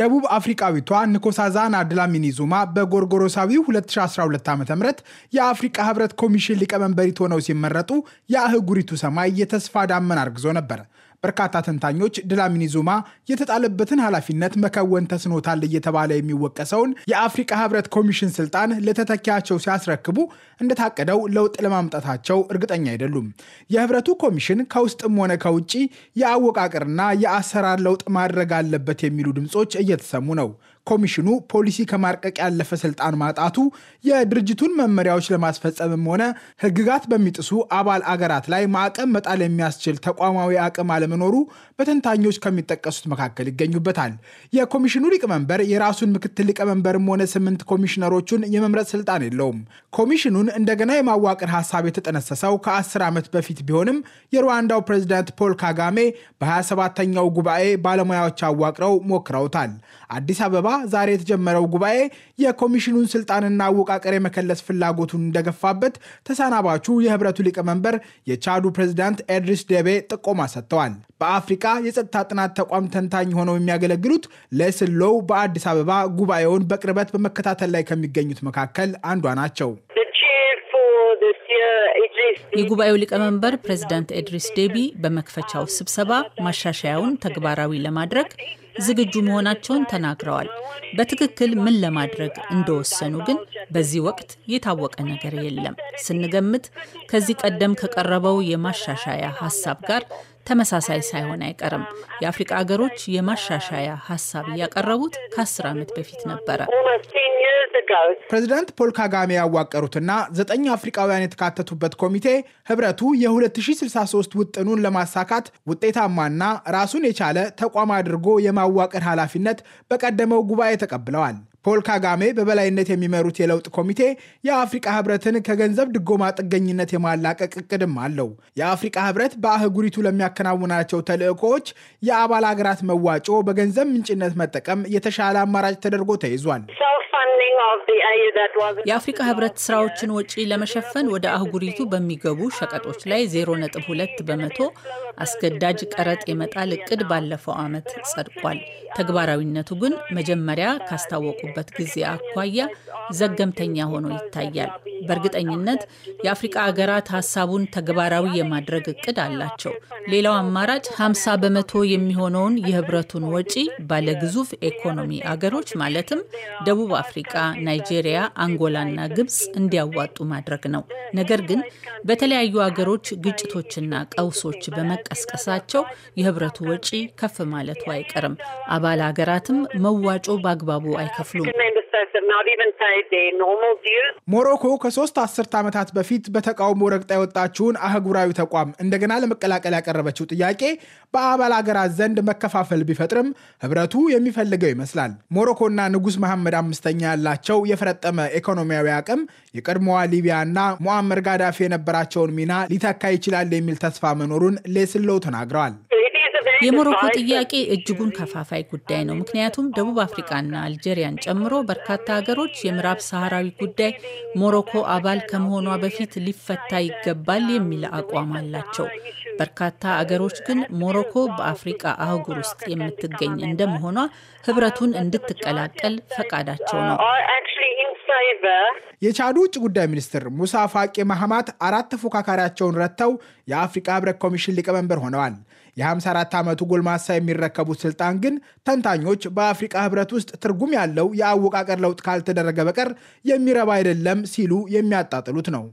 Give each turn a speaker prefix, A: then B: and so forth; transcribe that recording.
A: ደቡብ አፍሪቃዊቷ ንኮሳዛና ድላሚኒ ዙማ በጎርጎሮሳዊ 2012 ዓ ም የአፍሪቃ ህብረት ኮሚሽን ሊቀመንበሪት ሆነው ሲመረጡ የአህጉሪቱ ሰማይ የተስፋ ዳመን አርግዞ ነበር። በርካታ ተንታኞች ድላሚኒ ዙማ የተጣለበትን ኃላፊነት መከወን ተስኖታል እየተባለ የሚወቀሰውን የአፍሪቃ ህብረት ኮሚሽን ስልጣን ለተተኪያቸው ሲያስረክቡ እንደታቀደው ለውጥ ለማምጣታቸው እርግጠኛ አይደሉም። የህብረቱ ኮሚሽን ከውስጥም ሆነ ከውጭ የአወቃቅርና የአሰራር ለውጥ ማድረግ አለበት የሚሉ ድምፆች እየተሰሙ ነው። ኮሚሽኑ ፖሊሲ ከማርቀቅ ያለፈ ስልጣን ማጣቱ የድርጅቱን መመሪያዎች ለማስፈጸምም ሆነ ህግጋት በሚጥሱ አባል አገራት ላይ ማዕቀብ መጣል የሚያስችል ተቋማዊ አቅም አለመኖሩ በተንታኞች ከሚጠቀሱት መካከል ይገኙበታል። የኮሚሽኑ ሊቀመንበር የራሱን ምክትል ሊቀመንበርም ሆነ ስምንት ኮሚሽነሮቹን የመምረጥ ስልጣን የለውም። ኮሚሽኑን እንደገና የማዋቅር ሀሳብ የተጠነሰሰው ከአስር ዓመት በፊት ቢሆንም የሩዋንዳው ፕሬዚዳንት ፖል ካጋሜ በ 27 ተኛው ጉባኤ ባለሙያዎች አዋቅረው ሞክረውታል። አዲስ አበባ ዛሬ የተጀመረው ጉባኤ የኮሚሽኑን ስልጣንና አወቃቀር የመከለስ ፍላጎቱን እንደገፋበት ተሰናባቹ የህብረቱ ሊቀመንበር የቻዱ ፕሬዚዳንት ኤድሪስ ደቤ ጥቆማ ሰጥተዋል። በአፍሪካ የጸጥታ ጥናት ተቋም ተንታኝ ሆነው የሚያገለግሉት ለስሎው በአዲስ አበባ ጉባኤውን በቅርበት በመከታተል ላይ ከሚገኙት መካከል አንዷ ናቸው።
B: የጉባኤው ሊቀመንበር ፕሬዚዳንት ኤድሪስ ዴቢ በመክፈቻው ስብሰባ ማሻሻያውን ተግባራዊ ለማድረግ ዝግጁ መሆናቸውን ተናግረዋል። በትክክል ምን ለማድረግ እንደወሰኑ ግን በዚህ ወቅት የታወቀ ነገር የለም። ስንገምት ከዚህ ቀደም ከቀረበው የማሻሻያ ሀሳብ ጋር ተመሳሳይ ሳይሆን አይቀርም። የአፍሪቃ ሀገሮች የማሻሻያ ሀሳብ ያቀረቡት ከአስር ዓመት በፊት ነበረ።
A: ፕሬዚዳንት ፖል ካጋሜ ያዋቀሩትና ዘጠኝ አፍሪካውያን የተካተቱበት ኮሚቴ ህብረቱ የ2063 ውጥኑን ለማሳካት ውጤታማና ራሱን የቻለ ተቋም አድርጎ የማዋቀር ኃላፊነት በቀደመው ጉባኤ ተቀብለዋል። ፖል ካጋሜ በበላይነት የሚመሩት የለውጥ ኮሚቴ የአፍሪቃ ህብረትን ከገንዘብ ድጎማ ጥገኝነት የማላቀቅ እቅድም አለው። የአፍሪቃ ህብረት በአህጉሪቱ ለሚያከናውናቸው ተልዕኮዎች የአባል ሀገራት መዋጮ በገንዘብ ምንጭነት መጠቀም የተሻለ አማራጭ ተደርጎ ተይዟል።
B: የአፍሪካ ህብረት ስራዎችን ወጪ ለመሸፈን ወደ አህጉሪቱ በሚገቡ ሸቀጦች ላይ 0.2 በመቶ አስገዳጅ ቀረጥ የመጣል እቅድ ባለፈው ዓመት ጸድቋል። ተግባራዊነቱ ግን መጀመሪያ ካስታወቁበት ጊዜ አኳያ ዘገምተኛ ሆኖ ይታያል። በእርግጠኝነት የአፍሪቃ ሀገራት ሀሳቡን ተግባራዊ የማድረግ እቅድ አላቸው። ሌላው አማራጭ 50 በመቶ የሚሆነውን የህብረቱን ወጪ ባለግዙፍ ኢኮኖሚ አገሮች ማለትም ደቡብ አፍሪቃ፣ ናይጄሪያ፣ አንጎላና ግብፅ እንዲያዋጡ ማድረግ ነው። ነገር ግን በተለያዩ አገሮች ግጭቶችና ቀውሶች በመቀስቀሳቸው የህብረቱ ወጪ ከፍ ማለቱ አይቀርም። አባል ሀገራትም
A: መዋጮ በአግባቡ አይከፍሉም። ሞሮኮ ከሶስት አስርት ዓመታት በፊት በተቃውሞ ረግጣ የወጣችውን አህጉራዊ ተቋም እንደገና ለመቀላቀል ያቀረበችው ጥያቄ በአባል አገራት ዘንድ መከፋፈል ቢፈጥርም ህብረቱ የሚፈልገው ይመስላል። ሞሮኮና ንጉሥ መሐመድ አምስተኛ ያላቸው የፈረጠመ ኢኮኖሚያዊ አቅም የቀድሞዋ ሊቢያና ሙአመር ጋዳፊ የነበራቸውን ሚና ሊተካ ይችላል የሚል ተስፋ መኖሩን ሌስለው ተናግረዋል።
B: የሞሮኮ ጥያቄ እጅጉን ከፋፋይ ጉዳይ ነው። ምክንያቱም ደቡብ አፍሪቃና አልጄሪያን ጨምሮ በርካታ ሀገሮች የምዕራብ ሰሃራዊ ጉዳይ ሞሮኮ አባል ከመሆኗ በፊት ሊፈታ ይገባል የሚል አቋም አላቸው። በርካታ አገሮች ግን ሞሮኮ በአፍሪቃ አህጉር ውስጥ የምትገኝ እንደመሆኗ ህብረቱን እንድትቀላቀል ፈቃዳቸው ነው።
A: የቻዱ ውጭ ጉዳይ ሚኒስትር ሙሳ ፋቄ ማህማት አራት ተፎካካሪያቸውን ረድተው የአፍሪቃ ህብረት ኮሚሽን ሊቀመንበር ሆነዋል። የ54 ዓመቱ ጎልማሳ የሚረከቡት ስልጣን ግን ተንታኞች በአፍሪቃ ህብረት ውስጥ ትርጉም ያለው የአወቃቀር ለውጥ ካልተደረገ በቀር የሚረባ አይደለም ሲሉ የሚያጣጥሉት ነው።